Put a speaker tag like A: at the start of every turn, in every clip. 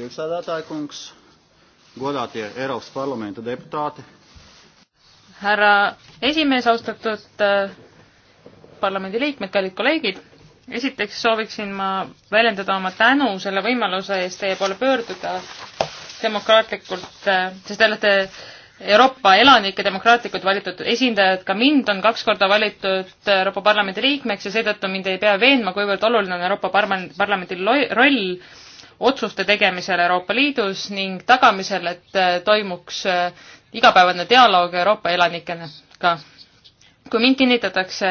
A: priekšsēdētāja kungs, godātie Eiropas parlamenta deputāti. härra esimees, austatud äh, parlamendi liikmed, kallid kolleegid, esiteks sooviksin ma väljendada oma tänu selle võimaluse eest teie poole pöörduda demokraatlikult äh,, sest te olete Euroopa elanike demokraatlikult valitud esindajad, ka mind on kaks korda valitud Euroopa Parlamendi liikmeks ja seetõttu mind ei pea veenma, kuivõrd oluline on Euroopa Parlamendi roll otsuste tegemisel Euroopa Liidus ning tagamisel, et äh, toimuks äh, igapäevane dialoog Euroopa elanikega. kui mind kinnitatakse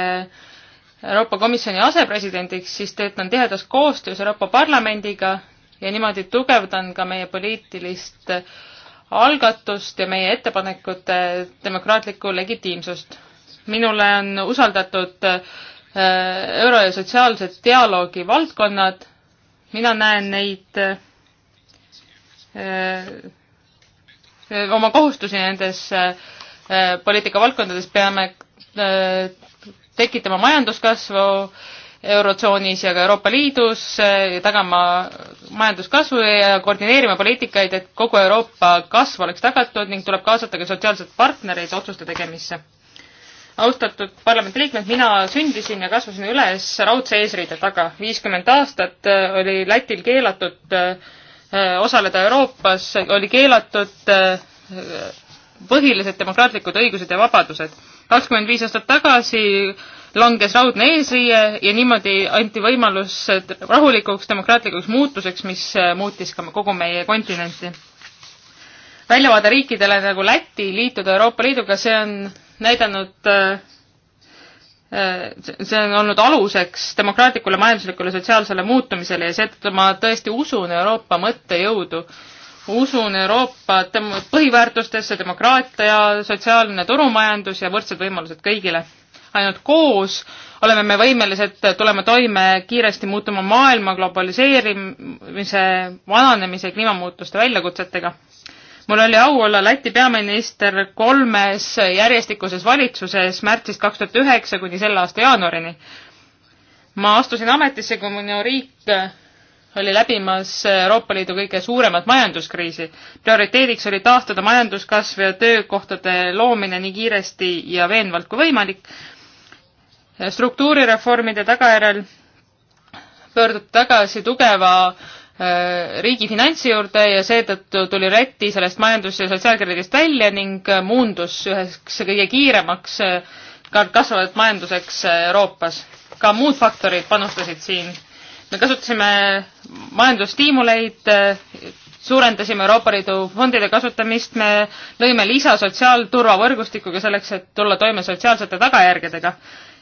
A: Euroopa Komisjoni asepresidendiks, siis töötan tihedas koostöös Euroopa Parlamendiga ja niimoodi tugevdan ka meie poliitilist äh, algatust ja meie ettepanekute demokraatlikku legitiimsust. minule on usaldatud euro- ja sotsiaalse dialoogi valdkonnad mina näen neid öö, äh, äh, oma kohustusi nendes äh, poliitikavaldkondades peame öö, tekitama majanduskasvu Eurotsoonis ja ka Euroopa Liidus, tagama majanduskasvu ja koordineerima poliitikaid, et kogu Euroopa kasv oleks tagatud ning tuleb kaasata ka sotsiaalsed partnerid otsuste tegemisse austatud parlamendiliikmed, mina sündisin ja kasvasin üles raudse eesriide taga. viiskümmend aastat äh, oli Lätil keelatud äh, osaleda Euroopas, oli keelatud äh, põhilised demokraatlikud õigused ja vabadused. kakskümmend viis aastat tagasi langes raudne eesriie ja niimoodi anti võimalus rahulikuks demokraatlikuks muutuseks, mis muutis ka kogu meie kontinenti. väljavaade riikidele nagu Läti liituda Euroopa Liiduga, see on näidanud äh, äh, see on olnud aluseks demokraatlikule, majanduslikule, sotsiaalsele muutumisele ja seetõttu ma tõesti usun Euroopa mõttejõudu. usun Euroopa dem-, põhiväärtustesse, demokraatia, sotsiaalne turumajandus ja võrdsed võimalused kõigile. ainult koos oleme me võimelised tulema toime kiiresti muutuma maailma globaliseerimise, vananemise ja kliimamuutuste väljakutsetega mul oli au olla Läti peaminister kolmes järjestikuses valitsuses märtsist kaks tuhat üheksa kuni selle aasta jaanuarini. ma astusin ametisse, kui minu riik oli läbimas Euroopa Liidu kõige suuremat majanduskriisi. prioriteediks oli taastada majanduskasv ja töökohtade loomine nii kiiresti ja veenvalt kui võimalik. struktuurireformide tagajärjel pöördub tagasi tugeva Äh, riigi finantsi juurde ja seetõttu tuli Läti sellest majandus- ja sotsiaalkriisist välja ning äh, muundus üheks kõige kiiremaks äh, kasvavat majanduseks Euroopas. ka muud faktorid panustasid siin. me kasutasime majandusstiimuleid, suurendasime Euroopa Liidu fondide kasutamist, me lõime lisa sotsiaalturvavõrgustikuga selleks, et tulla toime sotsiaalsete tagajärgedega.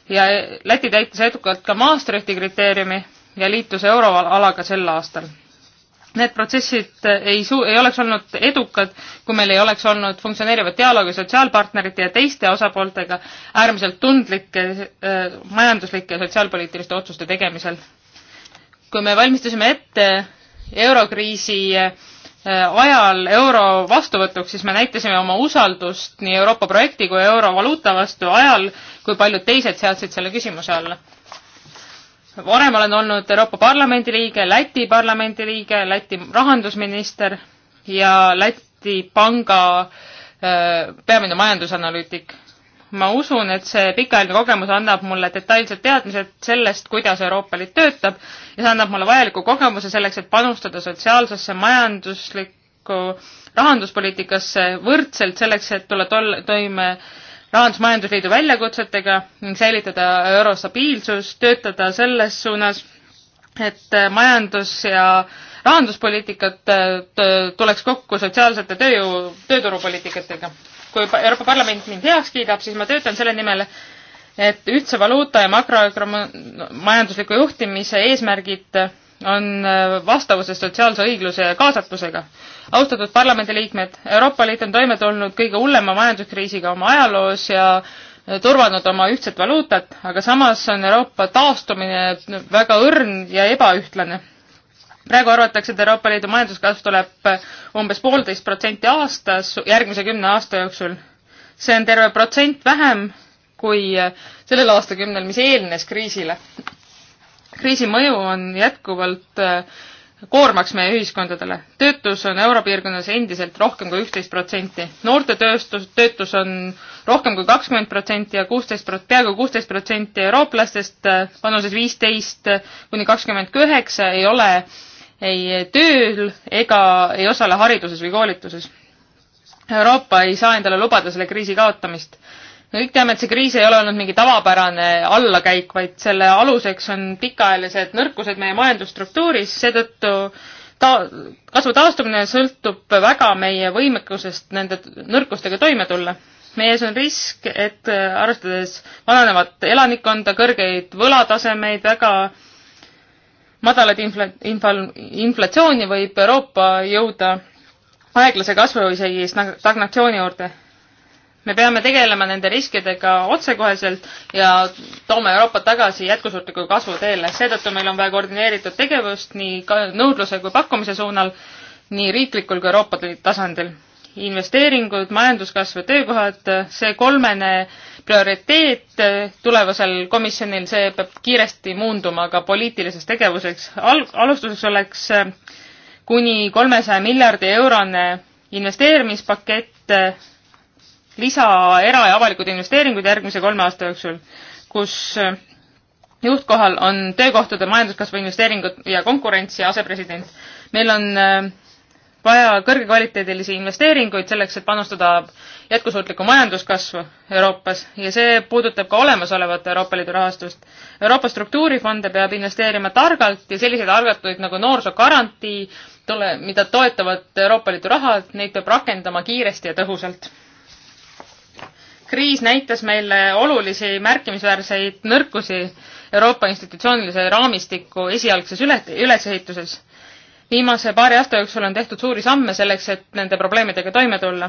A: ja Läti täitis edukalt ka Maastrichti kriteeriumi ja liitus euroalaga sel aastal Need protsessid äh, ei suu-, ei oleks olnud edukad, kui meil ei oleks olnud funktsioneerivat dialoogi sotsiaalpartnerite ja teiste osapooltega äärmiselt tundlike äh, majanduslike ja sotsiaalpoliitiliste otsuste tegemisel. kui me valmistusime ette eurokriisi äh, ajal euro vastuvõtuks, siis me näitasime oma usaldust nii Euroopa projekti kui eurovaluuta vastu ajal, kui paljud teised seadsid selle küsimuse alla varem olen olnud Euroopa Parlamendi liige, Läti parlamendi liige, Läti rahandusminister ja Läti panga äh, peamine majandusanalüütik. ma usun, et see pikaajaline kogemus annab mulle detailsed teadmised sellest, kuidas Euroopa Liit töötab ja see annab mulle vajaliku kogemuse selleks, et panustada sotsiaalsesse, majanduslikku rahanduspoliitikasse võrdselt selleks, et tulla tolle, toime rahandusmajandusliidu väljakutsetega ning säilitada euro stabiilsus, töötada selles suunas, et majandus ja rahanduspoliitikat äh, tuleks kokku sotsiaalsete tööjõu, tööturupoliitikatega. kui Euroopa Parlament mind heaks kiidab, siis ma töötan selle nimel, et ühtse valuuta ja makromajandusliku juhtimise eesmärgid on äh, vastavuses sotsiaalse õigluse ja kaasatusega. austatud parlamendiliikmed, Euroopa Liit on toime tulnud kõige hullema majanduskriisiga oma ajaloos ja äh, turvanud oma ühtset valuutat, aga samas on Euroopa taastumine väga õrn ja ebaühtlane. praegu arvatakse, et Euroopa Liidu majanduskasv tuleb äh, umbes poolteist protsenti aastas järgmise kümne aasta jooksul. see on terve protsent vähem kui sellel aastakümnel, mis eelnes kriisile kriisi mõju on jätkuvalt äh, koormaks meie ühiskondadele. töötus on Europiirkonnas endiselt rohkem kui üksteist protsenti. noorte tööstus, töötus on rohkem kui kakskümmend protsenti ja kuusteist, peaaegu kuusteist protsenti eurooplastest vanuses äh, viisteist äh, kuni kakskümmend kaheksa ei ole ei tööl ega ei osale hariduses või koolituses. Euroopa ei saa endale lubada selle kriisi kaotamist me kõik teame, et see kriis ei ole olnud mingi tavapärane allakäik, vaid selle aluseks on pikaajalised nõrkused meie majandusstruktuuris, seetõttu ta-, kasvu taastumine sõltub väga meie võimekusest nende nõrkustega toime tulla. meie ees on risk, et arvestades vananevat elanikkonda, kõrgeid võlatasemeid, väga madalat infla-, infla-, inflatsiooni võib Euroopa jõuda aeglase kasvu isegi stagnatsiooni juurde me peame tegelema nende riskidega otsekoheselt ja toome Euroopat tagasi jätkusuutliku kasvu teele. seetõttu meil on vaja koordineeritud tegevust nii nõudluse kui pakkumise suunal, nii riiklikul kui Euroopa tasandil. investeeringud, majanduskasv ja töökohad, see kolmene prioriteet tulevasel komisjonil, see peab kiiresti muunduma ka poliitiliseks tegevuseks. Al-, alustuseks oleks äh, kuni kolmesaja miljardi eurone investeerimispakett äh, lisa era- ja avalikud investeeringud järgmise kolme aasta jooksul, kus äh, juhtkohal on töökohtade majanduskasvu investeeringud ja konkurents ja asepresident. meil on äh, vaja kõrgekvaliteedilisi investeeringuid selleks, et panustada jätkusuutlikku majanduskasvu Euroopas ja see puudutab ka olemasolevat Euroopa Liidu rahastust. Euroopa struktuurifonde peab investeerima targalt ja selliseid algatuid nagu noorsoogarantii, tule, mida toetavad Euroopa Liidu rahad, neid peab rakendama kiiresti ja tõhusalt kriis näitas meile olulisi märkimisväärseid nõrkusi Euroopa institutsioonilise raamistiku esialgses üle, ülesehituses. viimase paari aasta jooksul on tehtud suuri samme selleks, et nende probleemidega toime tulla.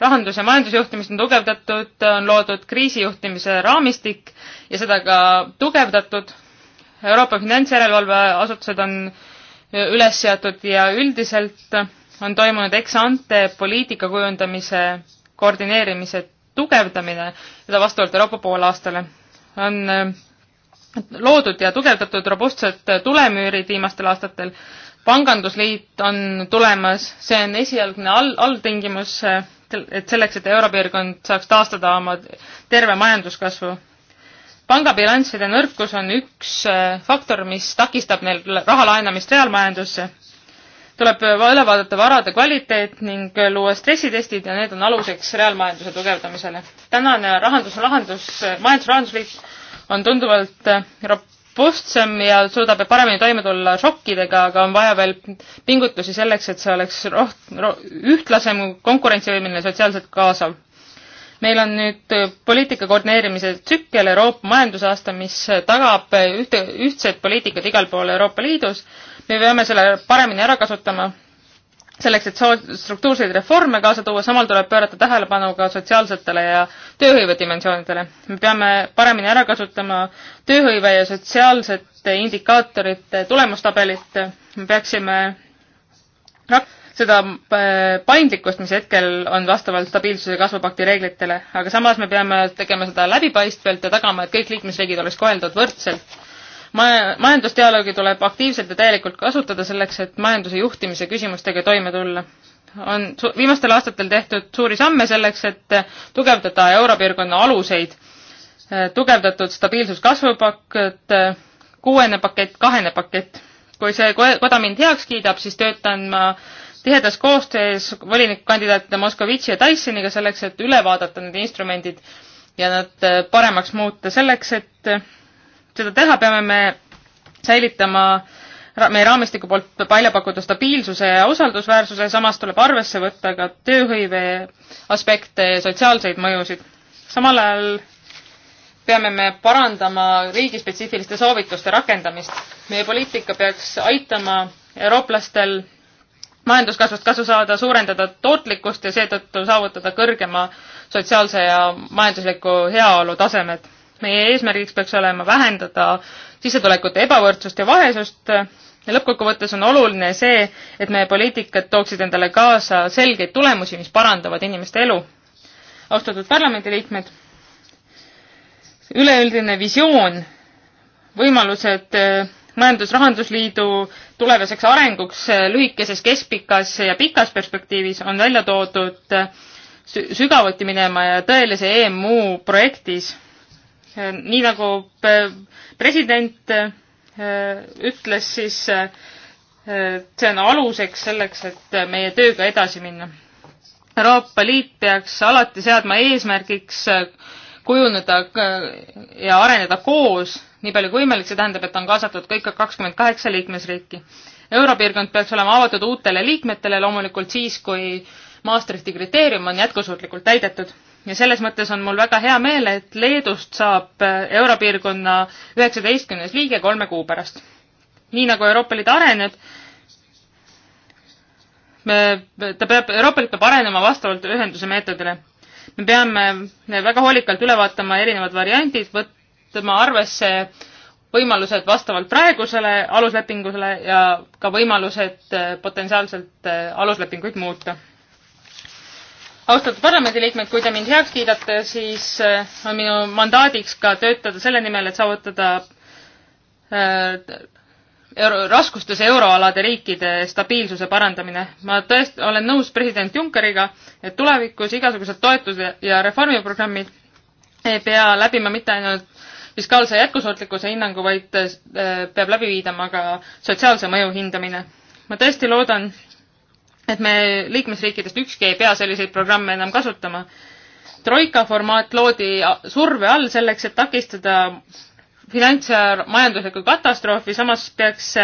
A: rahandus- ja majandusjuhtimist on tugevdatud, on loodud kriisijuhtimise raamistik ja seda ka tugevdatud. Euroopa finantsjärelevalveasutused on üles seatud ja üldiselt on toimunud ex-ante poliitika kujundamise koordineerimise tugevdamine, seda vastavalt Euroopa poolaastale, on äh, loodud ja tugevdatud robustsed tulemüürid viimastel aastatel. pangandusliit on tulemas, see on esialgne all, alltingimus, äh, et selleks, et europiirkond saaks taastada oma terve majanduskasvu. pangabilansside nõrkus on üks äh, faktor, mis takistab neil raha laenamist reaalmajandusse tuleb äh, üle vaadata varade kvaliteet ning äh, luua stressitestid ja need on aluseks reaalmajanduse tugevdamisele. tänane rahandus, rahandus, majandus-rahandusliit on tunduvalt äh, robustsem ja suudab paremini toime tulla šokkidega, aga on vaja veel pingutusi selleks, et see oleks roht- ro,, ühtlasem, konkurentsivõimeline, sotsiaalselt kaasav. meil on nüüd poliitika koordineerimise tsükkel Euroopa majandusaasta, mis tagab ühte, ühtset poliitikat igal pool Euroopa Liidus me peame selle paremini ära kasutama selleks, et soo-, struktuurseid reforme kaasa tuua, samal tuleb pöörata tähelepanu ka sotsiaalsetele ja tööhõive dimensioonidele. me peame paremini ära kasutama tööhõive ja sotsiaalsete indikaatorite tulemustabelit, me peaksime rak-, seda äh, paindlikkust, mis hetkel on vastavalt stabiilsuse kasvupakti reeglitele, aga samas me peame tegema seda läbipaistvalt ja tagama, et kõik liikmesriigid oleks koheldud võrdselt ma-, majandusdialoogi tuleb aktiivselt ja täielikult kasutada selleks, et majanduse juhtimise küsimustega toime tulla. on su-, viimastel aastatel tehtud suuri samme selleks, et tugevdada europiirkonna aluseid, tugevdatud stabiilsuskasvupakett, kuuene pakett, kahene pakett. kui see koda mind heaks kiidab, siis töötan ma tihedas koostöös volinikukandidaatide Moskovitši ja Dysoniga selleks, et üle vaadata need instrumendid ja nad eh, paremaks muuta, selleks et seda teha, peame me säilitama meie raamistiku poolt välja pakutud stabiilsuse ja usaldusväärsuse, samas tuleb arvesse võtta ka tööhõive aspekte ja sotsiaalseid mõjusid. samal ajal peame me parandama riigispetsiifiliste soovituste rakendamist. meie poliitika peaks aitama eurooplastel majanduskasvust kasu saada, suurendada tootlikkust ja seetõttu saavutada kõrgema sotsiaalse ja majandusliku heaolu tasemed meie eesmärgiks peaks olema vähendada sissetulekute ebavõrdsust ja vaesust ja lõppkokkuvõttes on oluline see, et meie poliitikad tooksid endale kaasa selgeid tulemusi, mis parandavad inimeste elu. austatud parlamendiliikmed, üleüldine visioon, võimalused eh, majandus-rahandusliidu tulevaseks arenguks eh, lühikeses, keskpikas ja pikas perspektiivis on välja toodud eh, sügavuti minema ja tõelise EMU projektis Ehm, nii nagu president ehm, ütles, siis ehm, see on aluseks selleks, et meie tööga edasi minna. Euroopa Liit peaks alati seadma eesmärgiks kujuneda ja areneda koos, nii palju kui võimalik, see tähendab, et on kaasatud kõik kakskümmend kaheksa liikmesriiki. europiirkond peaks olema avatud uutele liikmetele loomulikult siis, kui Maastrichti kriteerium on jätkusuutlikult täidetud ja selles mõttes on mul väga hea meel, et Leedust saab äh, Europiirkonna üheksateistkümnes liige kolme kuu pärast. nii nagu Euroopa Liit areneb, me, ta peab, Euroopa Liit peab arenema vastavalt ühenduse meetodile. me peame väga hoolikalt üle vaatama erinevad variandid, võtma arvesse võimalused vastavalt praegusele aluslepingusele ja ka võimalused äh, potentsiaalselt äh, aluslepinguid muuta austatud parlamendiliikmed, kui te mind heaks kiidate, siis äh, on minu mandaadiks ka töötada selle nimel, et saavutada äh, euro, raskustes euroalade riikide stabiilsuse parandamine. ma tõesti olen nõus president Junckeriga, et tulevikus igasugused toetused ja reformiprogrammid ei pea läbima mitte ainult fiskaalse jätkusuutlikkuse hinnangu, vaid äh, peab läbi viidama ka sotsiaalse mõju hindamine. ma tõesti loodan, et me liikmesriikidest ükski ei pea selliseid programme enam kasutama. troika formaat loodi surve all selleks, et takistada finants- ja majanduslikku katastroofi, samas peaks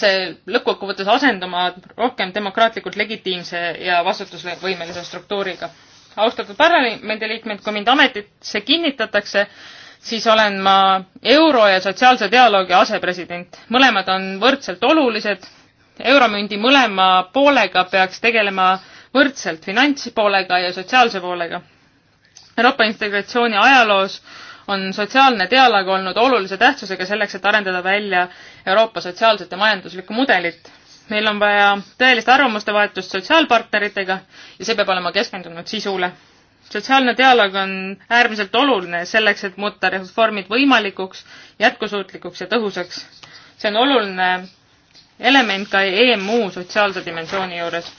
A: see lõppkokkuvõttes asenduma rohkem demokraatlikult legitiimse ja vastutusvõimelise struktuuriga. austatud parlamendiliikmed, kui mind ametisse kinnitatakse, siis olen ma euro ja sotsiaalse dialoogi asepresident. mõlemad on võrdselt olulised euromündi mõlema poolega peaks tegelema võrdselt, finantspoolega ja sotsiaalse poolega. Euroopa integratsiooni ajaloos on sotsiaalne dialoog olnud olulise tähtsusega selleks, et arendada välja Euroopa sotsiaalset ja majanduslikku mudelit. meil on vaja tõelist arvamuste vahetust sotsiaalpartneritega ja see peab olema keskendunud sisule. sotsiaalne dialoog on äärmiselt oluline selleks, et muuta reformid võimalikuks, jätkusuutlikuks ja tõhusaks. see on oluline element ka EMU sotsiaalse dimensiooni juures.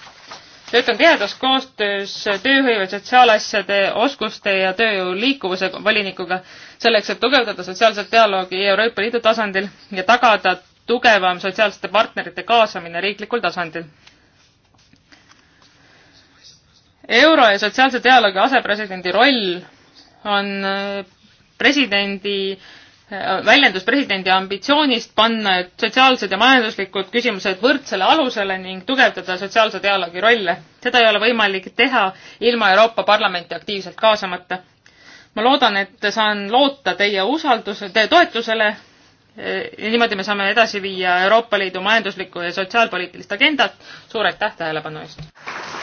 A: töötan tihedas koostöös tööhõive, sotsiaalasjade, oskuste ja tööjõu liikuvuse volinikuga selleks, et tugevdada sotsiaalset dialoogi Euroopa Liidu tasandil ja tagada tugevam sotsiaalsete partnerite kaasamine riiklikul tasandil euro ja sotsiaalse dialoogi asepresidendi roll on presidendi väljendus presidendi ambitsioonist panna sotsiaalsed ja majanduslikud küsimused võrdsele alusele ning tugevdada sotsiaalse dialoogi rolle. seda ei ole võimalik teha ilma Euroopa Parlamenti aktiivselt kaasamata. ma loodan, et saan loota teie usalduse, teie toetusele ja e, niimoodi me saame edasi viia Euroopa Liidu majanduslikku ja sotsiaalpoliitilist agendat. suur aitäh tähelepanu eest!